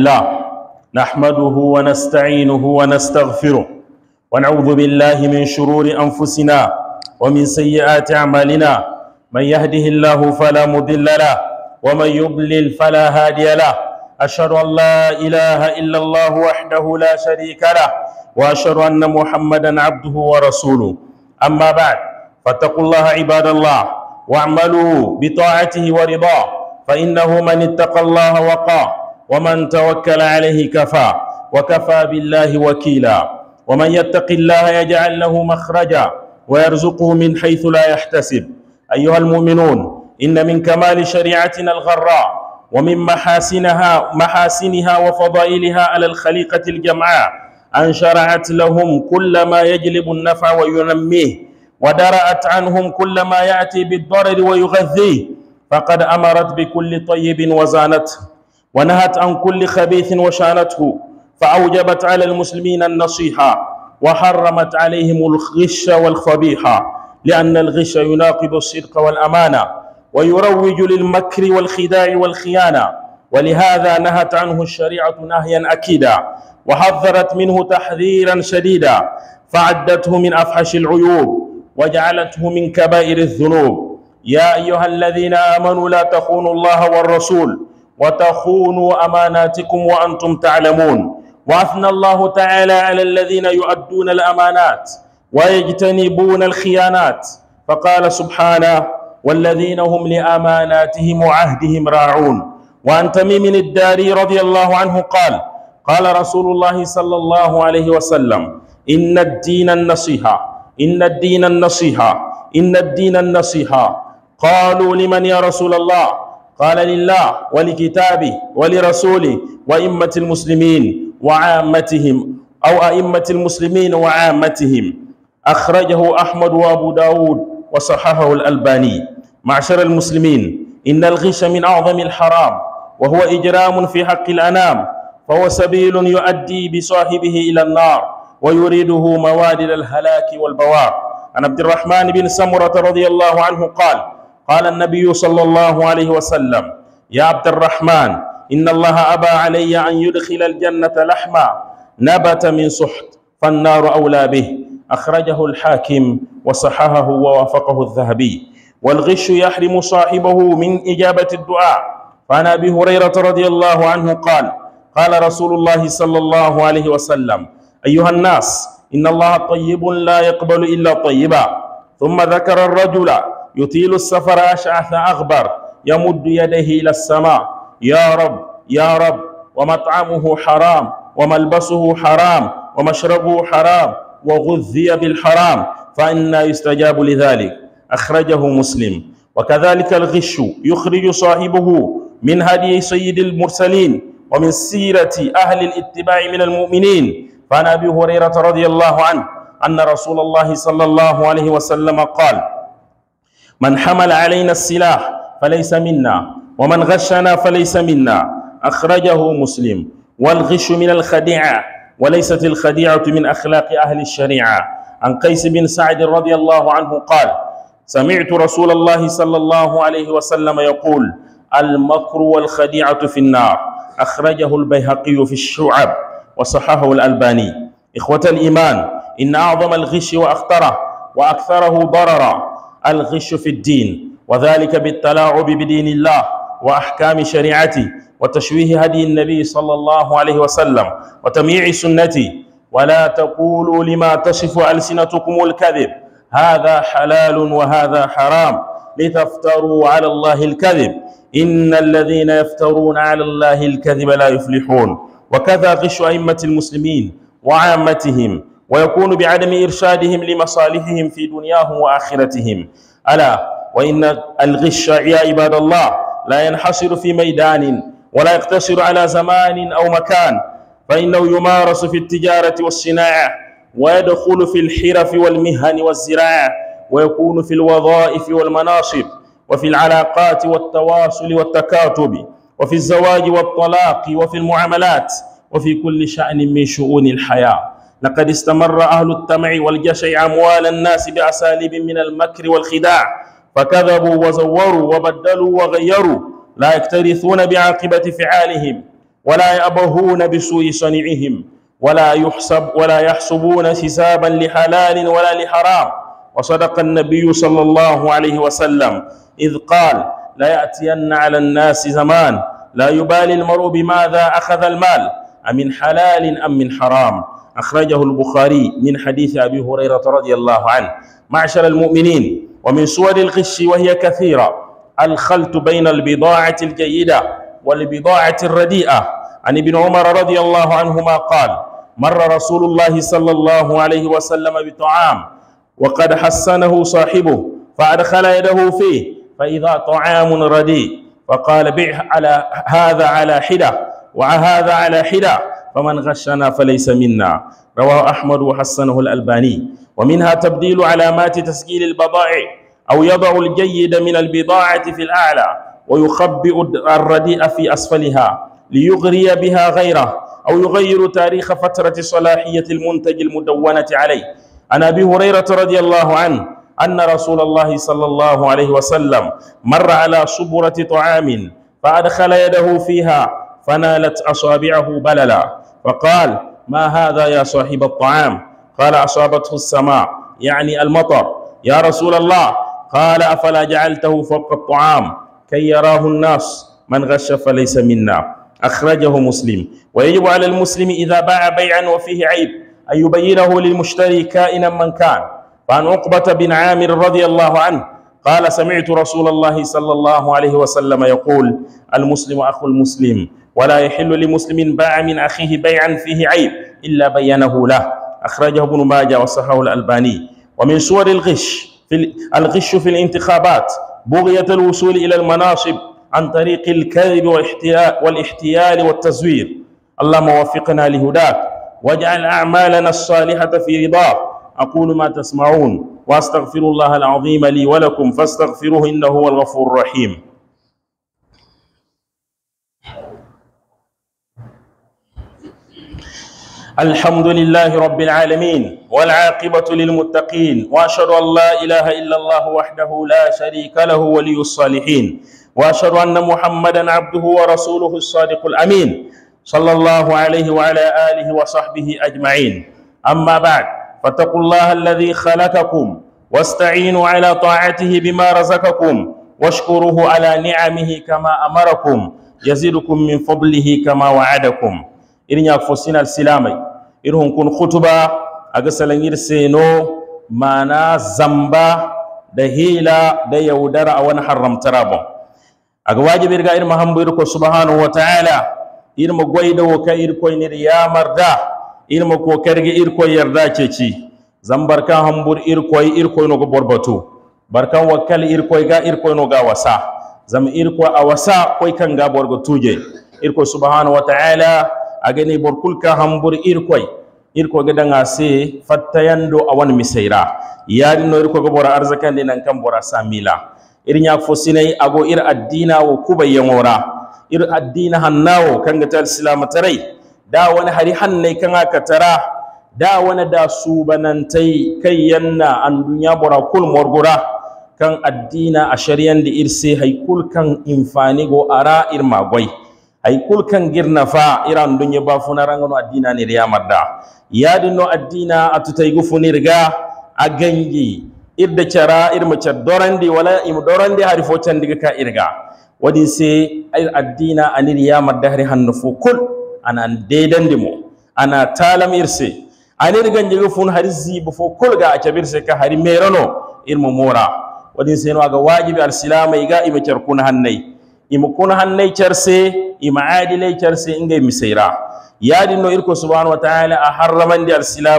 الله نحمده ونستعينه ونستغفره ونعوذ بالله من شرور أنفسنا ومن سيئات أعمالنا من يهده الله فلا مضل له ومن يضلل فلا هادي له أشهد أن لا إله إلا الله وحده لا شريك له وأشهد أن محمدا عبده ورسوله أما بعد فاتقوا الله عباد الله واعملوا بطاعته ورضاه فإنه من اتقى الله وقاه ومن توكل عليه كفى وكفى بالله وكيلا ومن يتق الله يجعل له مخرجا ويرزقه من حيث لا يحتسب أيها المؤمنون إن من كمال شريعتنا الغراء ومن محاسنها محاسنها وفضائلها على الخليقة الجمعاء أن شرعت لهم كل ما يجلب النفع وينميه ودرأت عنهم كل ما يأتي بالضرر ويغذيه فقد أمرت بكل طيب وزانته ونهت عن كل خبيث وشانته فأوجبت على المسلمين النصيحة وحرمت عليهم الغش والخبيحة لأن الغش يناقض الصدق والأمانة ويروج للمكر والخداع والخيانة ولهذا نهت عنه الشريعة نهيا أكيدا وحذرت منه تحذيرا شديدا فعدته من أفحش العيوب وجعلته من كبائر الذنوب يا أيها الذين آمنوا لا تخونوا الله والرسول وتخونوا أماناتكم وأنتم تعلمون وأثنى الله تعالى على الذين يؤدون الأمانات ويجتنبون الخيانات فقال سبحانه والذين هم لأماناتهم وعهدهم راعون وعن تميم الداري رضي الله عنه قال قال رسول الله صلى الله عليه وسلم إن الدين النصيحة إن الدين النصيحة إن الدين النصيحة قالوا لمن يا رسول الله قال لله ولكتابه ولرسوله وإمة المسلمين وعامتهم أو أئمة المسلمين وعامتهم أخرجه أحمد وأبو داود وصححه الألباني معشر المسلمين إن الغش من أعظم الحرام وهو إجرام في حق الأنام فهو سبيل يؤدي بصاحبه إلى النار ويريده موادل الهلاك والبوار عن عبد الرحمن بن سمرة رضي الله عنه قال قال النبي صلى الله عليه وسلم يا عبد الرحمن إن الله أبى علي أن يدخل الجنة لحما نبت من سحت فالنار أولى به أخرجه الحاكم وصححه ووافقه الذهبي والغش يحرم صاحبه من إجابة الدعاء فعن أبي هريرة رضي الله عنه قال قال رسول الله صلى الله عليه وسلم أيها الناس إن الله طيب لا يقبل إلا طيبا ثم ذكر الرجل يطيل السفر أشعث أغبر يمد يديه إلى السماء يا رب يا رب ومطعمه حرام وملبسه حرام ومشربه حرام وغذي بالحرام فأنا يستجاب لذلك أخرجه مسلم وكذلك الغش يخرج صاحبه من هدي سيد المرسلين ومن سيرة أهل الاتباع من المؤمنين فعن أبي هريرة رضي الله عنه أن رسول الله صلى الله عليه وسلم قال من حمل علينا السلاح فليس منا ومن غشنا فليس منا أخرجه مسلم والغش من الخديعة وليست الخديعة من أخلاق أهل الشريعة عن قيس بن سعد رضي الله عنه قال سمعت رسول الله صلى الله عليه وسلم يقول المكر والخديعة في النار أخرجه البيهقي في الشعب وصححه الألباني إخوة الإيمان إن أعظم الغش وأخطره وأكثره ضررا الغش في الدين وذلك بالتلاعب بدين الله وأحكام شريعته وتشويه هدي النبي صلى الله عليه وسلم وتمييع سنته ولا تقولوا لما تصف ألسنتكم الكذب هذا حلال وهذا حرام لتفتروا على الله الكذب إن الذين يفترون على الله الكذب لا يفلحون وكذا غش أئمة المسلمين وعامتهم ويكون بعدم إرشادهم لمصالحهم في دنياهم وآخرتهم ألا وإن الغش يا عباد الله لا ينحصر في ميدان ولا يقتصر على زمان أو مكان فإنه يمارس في التجارة والصناعة ويدخل في الحرف والمهن والزراعة ويكون في الوظائف والمناصب وفي العلاقات والتواصل والتكاتب وفي الزواج والطلاق وفي المعاملات وفي كل شأن من شؤون الحياة لقد استمر أهل التمع والجشع أموال الناس بأساليب من المكر والخداع فكذبوا وزوروا وبدلوا وغيروا لا يكترثون بعاقبة فعالهم ولا يأبهون بسوء صنيعهم ولا يحسب ولا يحسبون حسابا لحلال ولا لحرام وصدق النبي صلى الله عليه وسلم إذ قال لا يأتين على الناس زمان لا يبالي المرء بماذا أخذ المال أمن حلال أم من حرام أخرجه البخاري من حديث أبي هريرة رضي الله عنه معشر المؤمنين ومن سور الغش وهي كثيرة الخلط بين البضاعة الجيدة والبضاعة الرديئة عن ابن عمر رضي الله عنهما قال مر رسول الله صلى الله عليه وسلم بطعام وقد حسنه صاحبه فأدخل يده فيه فإذا طعام رديء فقال بع على هذا على حدة وهذا على حدة فمن غشنا فليس منا رواه أحمد وحسنه الألباني ومنها تبديل علامات تسجيل البضائع أو يضع الجيد من البضاعة في الأعلى ويخبئ الرديء في أسفلها ليغري بها غيره أو يغير تاريخ فترة صلاحية المنتج المدونة عليه عن أبي هريرة رضي الله عنه أن رسول الله صلى الله عليه وسلم مر على صبرة طعام فأدخل يده فيها فنالت أصابعه بللا فقال ما هذا يا صاحب الطعام قال أصابته السماء يعني المطر يا رسول الله قال أفلا جعلته فوق الطعام كي يراه الناس من غش فليس منا أخرجه مسلم ويجب على المسلم إذا باع بيعا وفيه عيب أن يبينه للمشتري كائنا من كان فعن عقبة بن عامر رضي الله عنه قال سمعت رسول الله صلى الله عليه وسلم يقول المسلم أخو المسلم ولا يحل لمسلم باع من أخيه بيعا فيه عيب إلا بينه له أخرجه ابن ماجه وصححه الألباني ومن صور الغش في الغش في الانتخابات بغية الوصول إلى المناصب عن طريق الكذب والاحتيال والتزوير اللهم وفقنا لهداك واجعل أعمالنا الصالحة في رضاك أقول ما تسمعون وأستغفر الله العظيم لي ولكم فاستغفروه إنه هو الغفور الرحيم الحمد لله رب العالمين والعاقبة للمتقين وأشهد أن لا إله إلا الله وحده لا شريك له ولي الصالحين وأشهد أن محمدا عبده ورسوله الصادق الأمين صلى الله عليه وعلى آله وصحبه أجمعين أما بعد فاتقوا الله الذي خلقكم واستعينوا على طاعته بما رزقكم واشكروه على نعمه كما أمركم يزيدكم من فضله كما وعدكم إن يفسنا السلامي irhun kun khutuba salon salangir seno mana zamba da hila da yaudara a wani haramtara a ga wajibi ga irma hambir irko subhanahu wa ta'ala irma magwai da ka irko nir da, irma makokar ga irko yarda ke ci zambar kan hambur irko irko no go borbatu barkan wakali irko ga irko no ga wasa zam irko a wasa koy kan ga borgo tuje irko subhanahu wa ta'ala agani kulka hambur irkoy irko ga danga se fattayando awan misaira yari no irko ga bora arzakandi nan kan bora samila irnya fosinai ago ir addina wo kubayyangora ir addina hannawo kanga tal silamatarai da wani hari hannai kan aka tara da wani da su banantai kai yanna an dunya bora kul morgura kan addina a shari'an da irse haikul kan infani go ara irma gwai ay kulkan girna fa iran dunya ba funarangano addina ni riyamarda adina addina gu funirga agangi irda cara irma car dorandi wala im dorandi hari fo candiga ka irga wadin se ay addina anir madda hari hanno fu kul ana dedandi mo ana talam irse anir gu fun hari zibo fo kul ga acabirse ka hari merano irma mora wadin se no aga wajibi al arsilama ga ima car kun hannai ima kun charse ima aadilay charse misaira yadi no irko subhanahu wa ta'ala a harramandi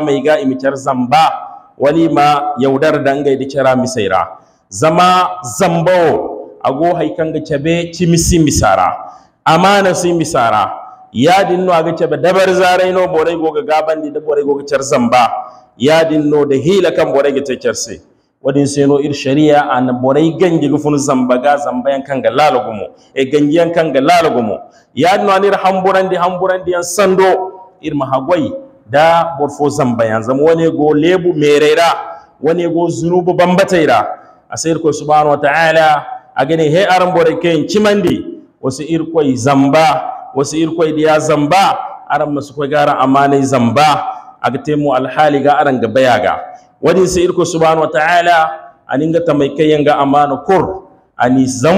mai ga imi char zamba wali ma yaudar da di chara misaira zama zambao ago haikanga chabe chimisi misara amana si misara yaadinno aga chabe dabar zarayno boray goga gabandi da boray goga char zamba yaadinno da hila kam borego ga charse wadin no ir sharia an borai gangi gufun zambaga zambayan kanga lalagumo e kan kanga lalagumo ya no anir yan sando ir mahagwai da borfo zambayan zam wani go lebu merera wani go zunubu bambataira asir ko subhanahu wa ta'ala agani he aran borai ken chimandi wasu ir koy zamba wasu ir koy diya zamba aran masu koy gara amane zamba agatemu alhali ga aran ga bayaga wadin sai irko subhanahu wataala mai tamay kayanga amana kur kor ani a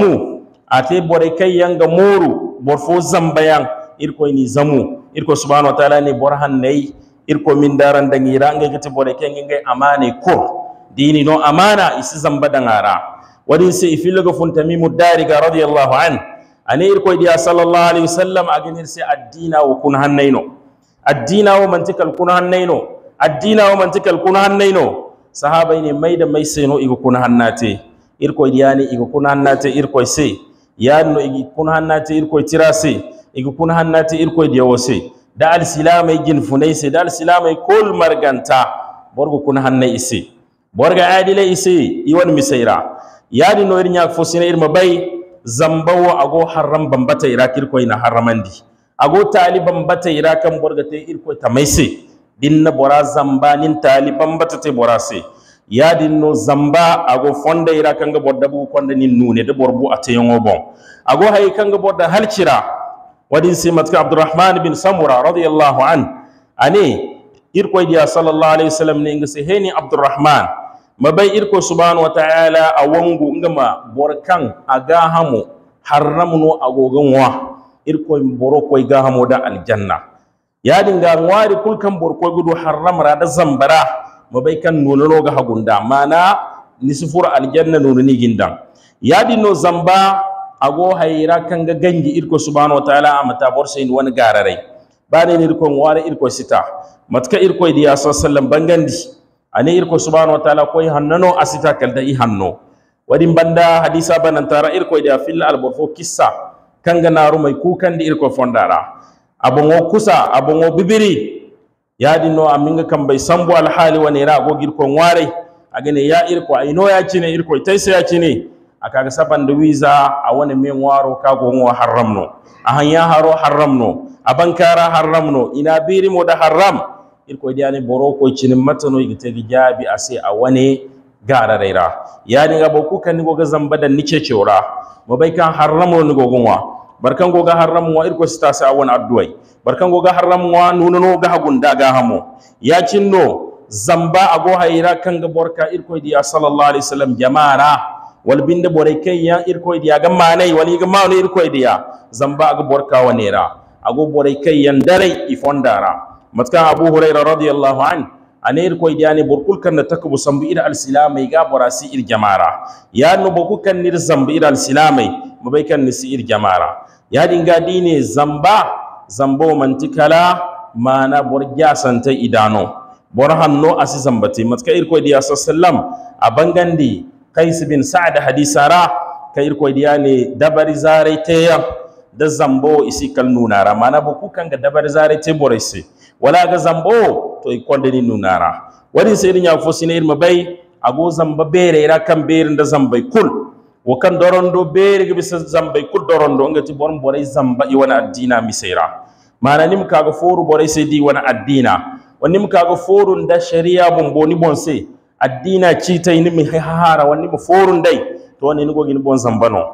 ate bore kayanga moru bor fo zambayan irko ni zamu irko subhanahu wataala ne bor hannai irko min daran dangira ngai kete bore kayanga amana kur. dini no amana isi zamba dangara wadin sai ifilaga funtamimu dariga radiyallahu an ani irko diya sallallahu alaihi wasallam ganin sai addina wa kun hannaino addina wa mantikal kun hannaino addina o mantikal kuna mai da mai sai no iga kuna hannate irkoy yani iga kuna hannate sai. se no igi kuna hannate irkoy tira sai. iga kuna hannate irkoy diyawo sai. da alsilamay jin funai sai da alsilamay kol marganta borgo kuna hannay isi borga adile isi iwan misaira. yadi no irnya fosina irma bay zambawo ago haram bambata irakir koy na haramandi ago taliban bata irakan borga te mai sai. dinna bora zamba nin tali bambatate bora se dinno zamba ago fonde ira kanga bodda bu konde nin nune de borbu yongo bon ago hay kanga bodda halcira wadin si matka abdurrahman bin samura radiyallahu an ani irko dia sallallahu alaihi wasallam ne se heni abdurrahman mabai irko subhanahu wa ta'ala awangu ngama borkan aga hamu haramnu agogan wa irko boro koy ga hamo da aljanna ya dinga nwari kulkan borko gudu du rada da zambara mabaikan kan nuna ga hagunda mana nisi furo aljanna ni ginda ya no zamba ago hayra kan ga ganji irko subhanahu wa taala amata ni wani gararai ni irko nwari, irko sita matka irko diya sallam bangandi ani irko subhanahu wa taala koy hannano asita kalda i hanno wadin banda hadisa banantara irkoy diya filla alborfo kissa naru mai kukan di irko fondara abongo kusa abongo bibiri yadinno aminga kambay sambo alhali wanera go girko A agene ya irko ino ya cine irko sai ya cine akaga saban da wiza a wani min waro ka gonwa haramno a hanya haro haramno a bankara haramno ina biri mo da haram irko diani boro ko cinin matano ta gijabi a sai a wani gara raira ya dinga boku kan nigo ga zamba da nice ceura Mu bai kan haramo ni goga ga wa irko sita sa wani addu'ai barkango ga wa nununo ga hagunda ga hamo ya cinno zamba ago kan ga borka irko diya sallallahu alaihi wasallam jama'ara wal binde boray ya. irko diya manai wani gamano irko diya zamba ga borka wanera ago boray kenyan dare ifondara matka abu hurairah radiyallahu an ane irko diya ne burkul kan kubu sambu ira al silamai ga borasi ir jama'ara ya no boku kan nir zambu ira al silamai mabai kan nisi ir jama'ara gadi ne zamba zambo mantikala mana bor santa idano bor asi zambati matka irko diya sallam a bangandi qais bin sa'd hadisara ka irko diya ne dabari zarai teya da zambo isi kal nunara mana kan ga dabari ta te wala ga zambo to ikonde ni nunara wadi sayyidin ya ne irma bai ago zamba bere ira kan berin da zambai kul wokan dorondo beerege bisa zamba ikul dorondo ngati borom boray zamba iwana addina misera mana nim kaga foru boray di wana addina wanim kaga foru nda sharia bomboni bonse addina citay nimi hahara wanim foru ndai to wani nigo gin bon zambano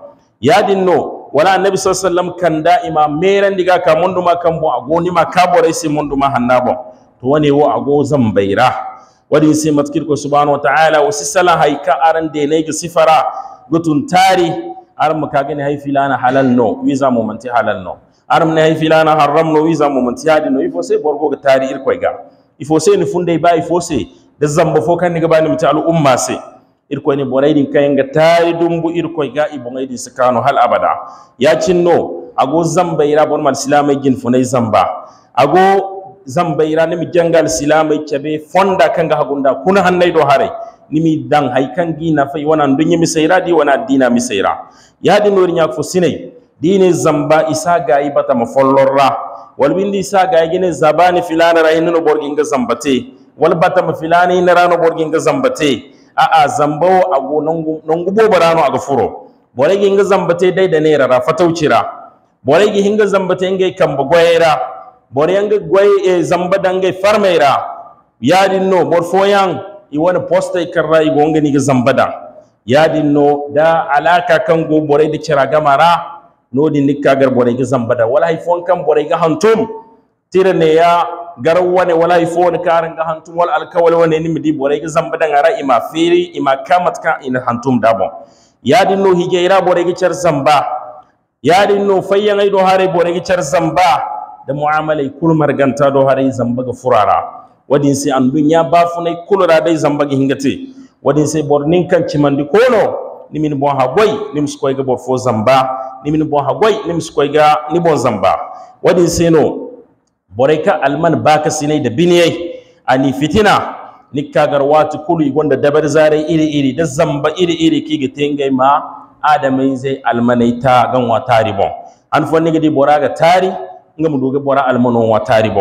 yadin no wala annabi sallallahu alaihi kan da'ima meran diga ka mundu ma kan bo agoni ma ka boray se mundu ma hannabo to wani wo ago zambaira wadin se matkir ko subhanahu wa ta'ala wasisala haika aran de ne sifara gutun tari mu aram makagani haifi lana halal no wiza mu manti halal no mu ne haifi lana haram no wiza mu manti hadi no ifo se borgo ga tari ir koy ga ifo se ni funde ba ifo se da zamba fo kan ni mu ta al umma se ir koy ni boray din kayen ga tari dumbu ir koy ga ngai di sakano hal abada ya cin no ago zamba ira bon mal silamay gin funai zamba ago zamba ira ni mi jangal silamay cebe fonda kanga hagunda kuna hannay do hare nimi dan haikan gi na fai wana dunya misaira di wana dina misaira ya di nori nya fo sinai dine zamba isa gayi bata mafollorra wal bindi isa gayi gine zabani filana ra hinno borgin ga zambate wal bata mafilani na rano borgin ga zambate a a go ago nangu bo barano aga furo bore gi ga zambate dai da ne ra fataucira bore gi hinga zambate ngai kamba goyera bore yanga goy e eh, zamba dangai ra. yadin no bor foyang iwana posta ikarra igonga niga zambada yadin no da alaka kan go borai da kira gamara no di nikka gar borai ga zambada wala haifon kan borai ga hantum tira ne ya garan wane wala haifon karin ga hantum wal alkawal wane ni midi borai ga zambada ngara ima firi ima kamat ka in hantum dabon yadin no higeira borai ga char zamba yadin no fayyan aido hare borai ga char zamba da mu'amalai kulmar ganta do hare zamba ga furara wadin sai an dunya bafunay koloraday zambage hingate wadin sai, bor nin kan cimandi kono nimin bo ha goy nim ga bor fo zamba nimin bo ha goy nim ga, ni bo zamba wadin sai no boreka alman baka sinai da biniye ani fitina ni nikkagar wati kulu gonda dabar zare iri iri da zamba iri iri kiga tengai ma adamai zai almanai ta gan tari bon an fo nigidi bora ga tari do ga bora almanon wa tari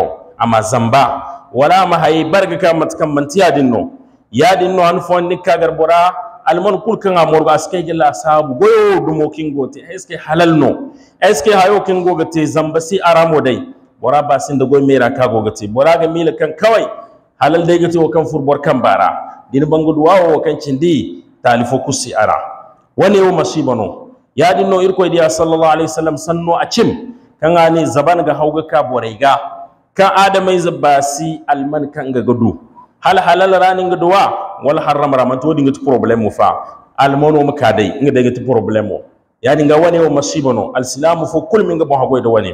amma zamba wala ma hay barga ka matkan mantiya dinno ya dinno an fon nikka garbora almon kulkan amorgo ske jilla sabu goyo dumo kingo te eske halal no eske hayo kingo gate te zambasi aramo dai bora ba sin da goy mera ka go te bora ga mila kan kawai halal dai gate kan furbor kan bara din bangu duwawo kan cindi talifo kusi ara wani yau masibano ya dinno irko diya sallallahu alaihi wasallam sanno a cim kan ani zaban ga hauga ka borai kan adamai zabasi alman kan ga gado hal halal ranin gaduwa wal haram raman to dinga tu problem fa almono muka dai inga daga tu problem ya ga wane wa masibano alislamu fo kul minga bon hagoy da wane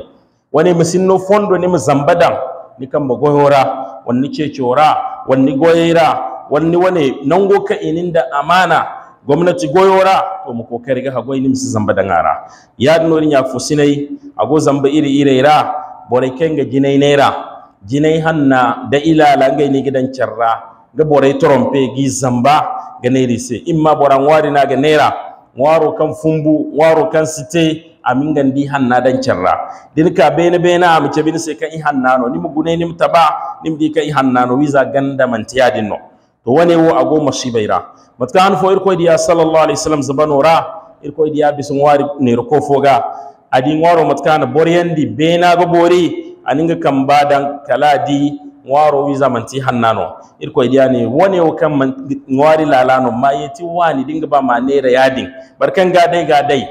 wane masinno fondo ne mazambadan ni kan magoyora wanni cecora wanni goyira wanni wane nango ka ininda amana gwamnati goyora to mu kokari ga hagoy ni musu zambadan ara ya dinorin ya fusinai ago zamba iri iri ira kai kenga jinai naira, jinai hanna da ilala ngai ni gidan charra ga borai trompe gi zamba ga neri se imma boran wari na ga naira, waro kan fumbu waro kan site amin gan di hanna dan charra din ka bene bene am ce bin se kan i hanna no ni gune ni taba ni di kai hanna no wiza ganda man tiya no to wane wo ago masibaira matkan fo irko diya sallallahu alaihi wasallam zabanora irko diya bisun wari ne ko foga adi ngwaro matkana boriyandi bena go bori aninga kamba dan kaladi ngwaro wi zamanti hannano irko idiani woni o kam ngwari lalano mayeti wani dinga ba manera yadin barkan ga dai ga dai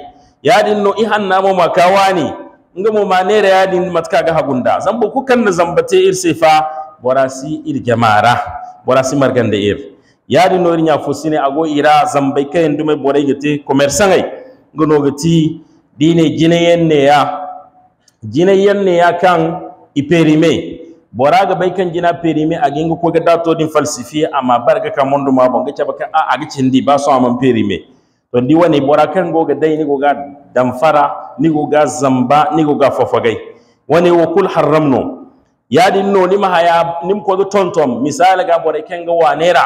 yadin no i hannamo makawani nga mo manera yadin matka ga hagunda zambo kukan na zambate irse fa borasi ir jamara borasi margande ir yadin no ir nya fosine ago ira zambai kayen dume borai gete commerçant ngono gati dine jinayenneya ya kan iperime bora ga bai kan jina perime a gingu ko ga dato din falsifi amma barga kan mundu ma bonga ce baka a a cin di ba so amma perime to ndi wani bora kan go ga dai ni go ga damfara ni go ga zamba ni go ga fofagai wani wa kul harramno ya din no ni mahaya nim ko ga tontom misala ga bora kan ga wanera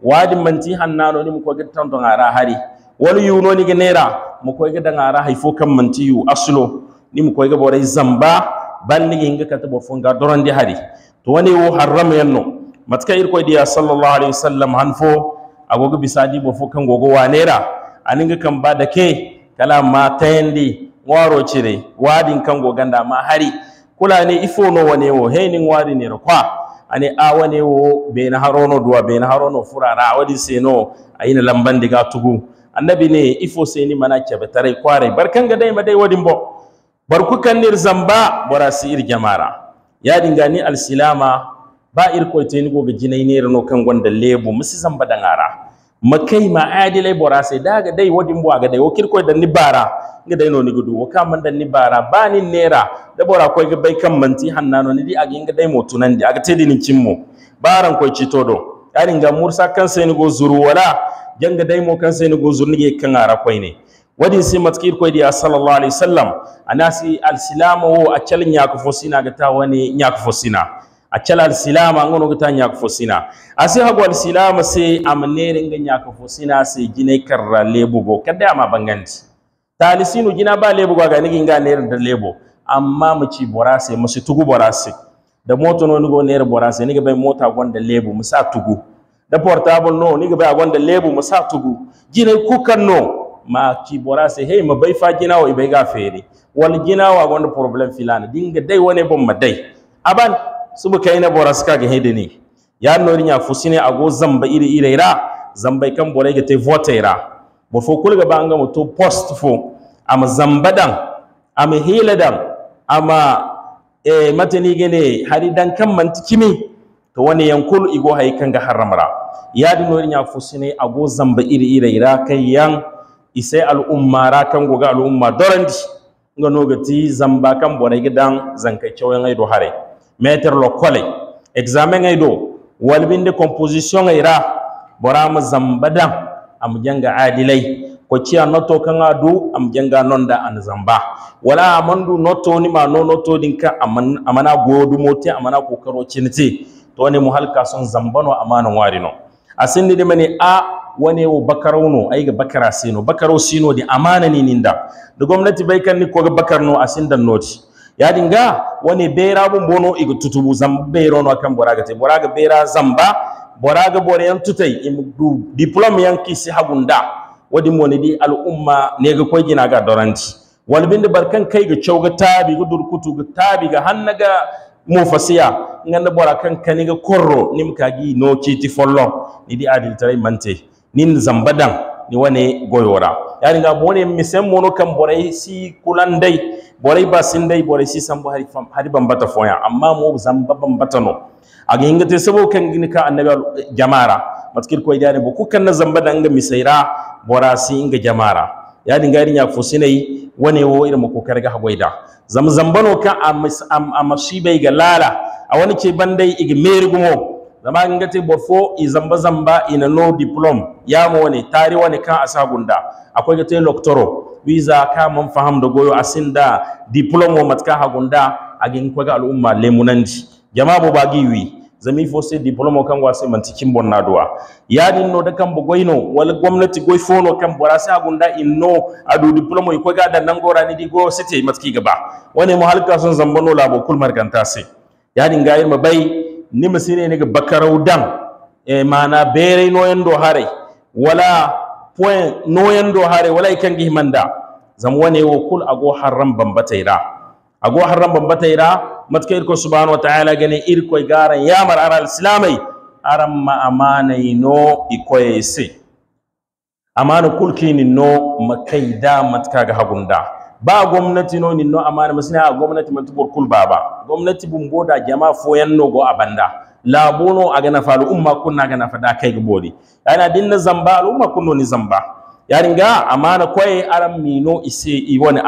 wadi manti hannano nim ko ga tonton ara hari wani yuno ni ga nera mukoyga daŋara haifo kan manti yu asulo ni mukoyga boray zamba bal niga hinga kata ga doron di hari to wo haram yanno matka irkoy diya sallallahu alaihi wasallam hanfo Agogo bisa bor fo kan gogo wanera aninga kam ba ke. kala ma matayandi waro cire wadin kan goganda ma hari Kula ne ifo no kulani ifono wanewo heynin warinira kwa ani a na bena harono duwa bena harono furara wadi seno lamban ga tugu annabi ne ifo ni mana ke tarai kwarai barkan ga dai madai wadin bo barku nir zamba borasi ir jamara ya dingani alsilama ba ir ni go jinai ne rano kan gonda lebu musi zamba dangara makai ma adilai borasi daga dai wadin bo ga dai kirko da ni bara. ga dai no ni gudu waka man ni bara. ba ni nera da bora ko ga bai kan manti hannano ni di a ga dai nan di aga di ni cimmo baran ci todo ya dinga mursa kan sai ni go zuru wala janga daimo kan sai ni gozurnige kan ara ne wadin sai matkir koy dia sallallahu alaihi wasallam anasi alsilama wo nya ko fosina ta wani ko fosina acal alsilama ngono nya ko fosina asi hago alsilama sai ringa nya ko fosina sai gine karra lebugo kada ma banganti talisinu jina ba lebugo ga nigi nga nere da lebo amma mu ci borase mu tugu borase da moto no nigo nere borase ga bai mota gonda lebu sa tugu da portable no ni ga ba wanda lebu sa tugu gina kukan no ma bora se hey ma bai fa gina wa bai ga fere wal gina wa gonda problem filana dinga dai wane bon ma dai aban su kai na bora suka ga hede ne ya nori nya fusine ago zamba ire ire ira zambai kan bora ga te vote ira bo fo kulga ba anga mu to post fo am dan am hiladan ama e eh, matani gene hari dan kan mantikimi to wani yankul igo hay ga haramra yadi norin ya fusine ago zamba iri iri ira kai yan isai al'umma ra kan goga al'umma dorandi ga nogati zamba kan bonai gidan zankai cewa ngai do hare meter lo kole examen do de composition ngai ra bora mu zamba dan am janga adilai ko ciya noto kan adu am janga nonda an zamba wala amandu noto ni ma no noto ka amana godu moti amana kokaro cinti tone mu halka son zambano no a asindi de mani a wane wo no ai ga bakara sino bakaro sino di amana ni ninda da gwamnati bai kan ni ko ga a sindan noti ya dinga wani bera bun bono iga tutubu zamba bero no kan boraga te boraga bera zamba boraga yan tutai im du diploma ki si hagunda wadi ne di al umma ne ga koy gina ga doranti walbinde barkan kai ga chauga tabi ga durkutu ga tabi ga hannaga mo fasiya ngande bora kan ga korro nim kagi no citi follo ni di adil tare mante nin zambadan ni wane goyora yani ga bone misem mono kan bore si kulandai ba basindai bore si sambo hari fam hari bambata foya amma mo zamba bambata no aga ingate sabo kan gini ka annabi eh, jamara matkir ko idane bu kukan na zambadan ga misaira bora si inga jamara yani ngari nya fusinai wane yawo irin makokar ga hagoida zam ka a bai ga lala a wani ke bandai ig meri gumo zama ngate bofo i zamba zamba ina no diplom ya mu wani tari wani kan sagunda akwai gate loktoro visa ka mun faham da goyo asinda diplom wa matka hagunda a ga al'umma lemunanji jama'a bu bagiwi zami fo se kan wa se manti kimbon na duwa yadin no da kan bu goino wal gwamnati goi fono kan bora se agunda inno adu diploma. ko ga da nan gora ni di go site matki gaba wani mu halka sun zambano labo kul marganta se yadin ga yirma bai ni masine ne ga bakarau dan e mana bere no yando hare wala point no yando hare wala ikan gihmanda zam wane wo kul ago haram bambataira ago haram bambataira matke irko subhanahu wa ta'ala gane irko garan yamar ara islamai aran ma amana no ikoye se amana kulki ni no makaida da matka ga hagunda ba gwamnati no ni no amana masina a gwamnati man kulba kul baba gwamnati bumbo da jama'a foyan no go abanda labono a gana falu umma kunna gana fada kai ga bori yana dinna zamba al'umma kunno ni zamba yaringa amana koye aran mino ise i wani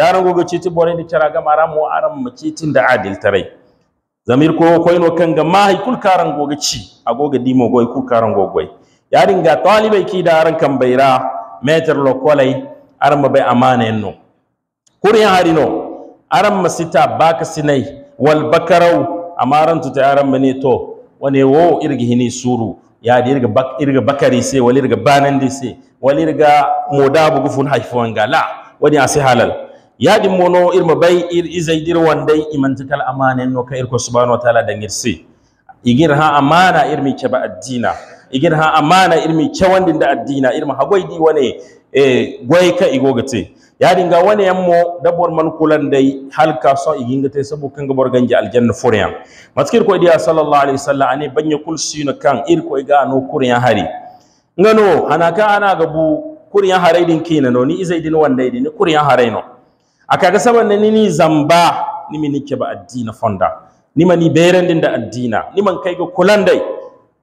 yaran gogo citi bore ni caraga mu aran macitin da adil tarai zamir ko koyno kanga mahay kul karan gogo ci agoga dimo goy kul karan gogoy yarin ga talibai ki da daran kan bayra meter lokolai aran bai amana enno kurin harino aran masita baka sinai wal bakarau amaran tuta aran mane to wane wo irgi hini suru ya di irga bak irga bakari se wal irga di se wal irga modabu gufun haifwan gala wani asi halal yaɗin mono irma bay ir izay dir wanday imantikal amana no ka irko subhanahu wa ta'ala da si igir ha amana irmi ceba addina igir ha amana irmi cewandin da addina irma hagoy di wane e goy ka igogate yaɗin ga wane yammo dabor man kulanday halka so igingate sabu gabor borganje aljanna furyan maskir ko diya sallallahu alaihi wasallam ani banya kul sino kan irko iga no kuriyan hari ngano anaka ana gabu kuriyan haraydin kinano ni izay din wanday din hari no akaga sabanne nini zamba nimi nike ba addina fonda nima ni din da addina niman kai ga kulandai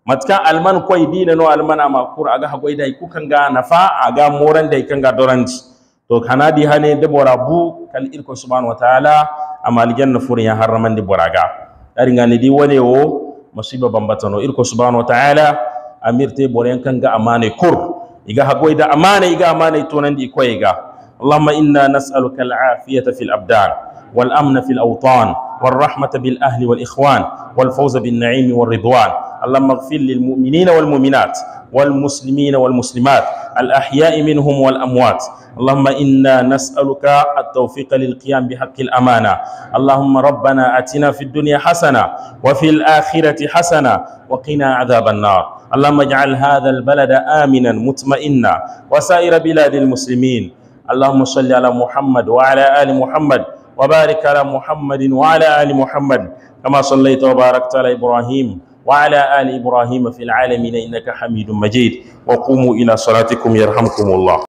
matka alman koi dina no almana ma kur aga hagoi dai ku ga nafa aga moran dai kan ga doranji to kanadi hane da borabu kal irko subhanahu wataala amal janna furin ya harraman di boraga dari ngani di wane wo masiba bambatano irko subhanahu wataala amirte boren ga amane kur iga hagoi da amane iga amane koi ga. اللهم إنا نسألك العافية في الأبدان والأمن في الأوطان والرحمة بالأهل والإخوان والفوز بالنعيم والرضوان اللهم اغفر للمؤمنين والمؤمنات والمسلمين والمسلمات الأحياء منهم والأموات اللهم إنا نسألك التوفيق للقيام بحق الأمانة اللهم ربنا أتنا في الدنيا حسنة وفي الآخرة حسنة وقنا عذاب النار اللهم اجعل هذا البلد آمنا مطمئنا وسائر بلاد المسلمين اللهم صل على محمد وعلى آل محمد وبارك على محمد وعلى آل محمد كما صليت وباركت على إبراهيم وعلى آل إبراهيم في العالمين إنك حميد مجيد وقوموا إلى صلاتكم يرحمكم الله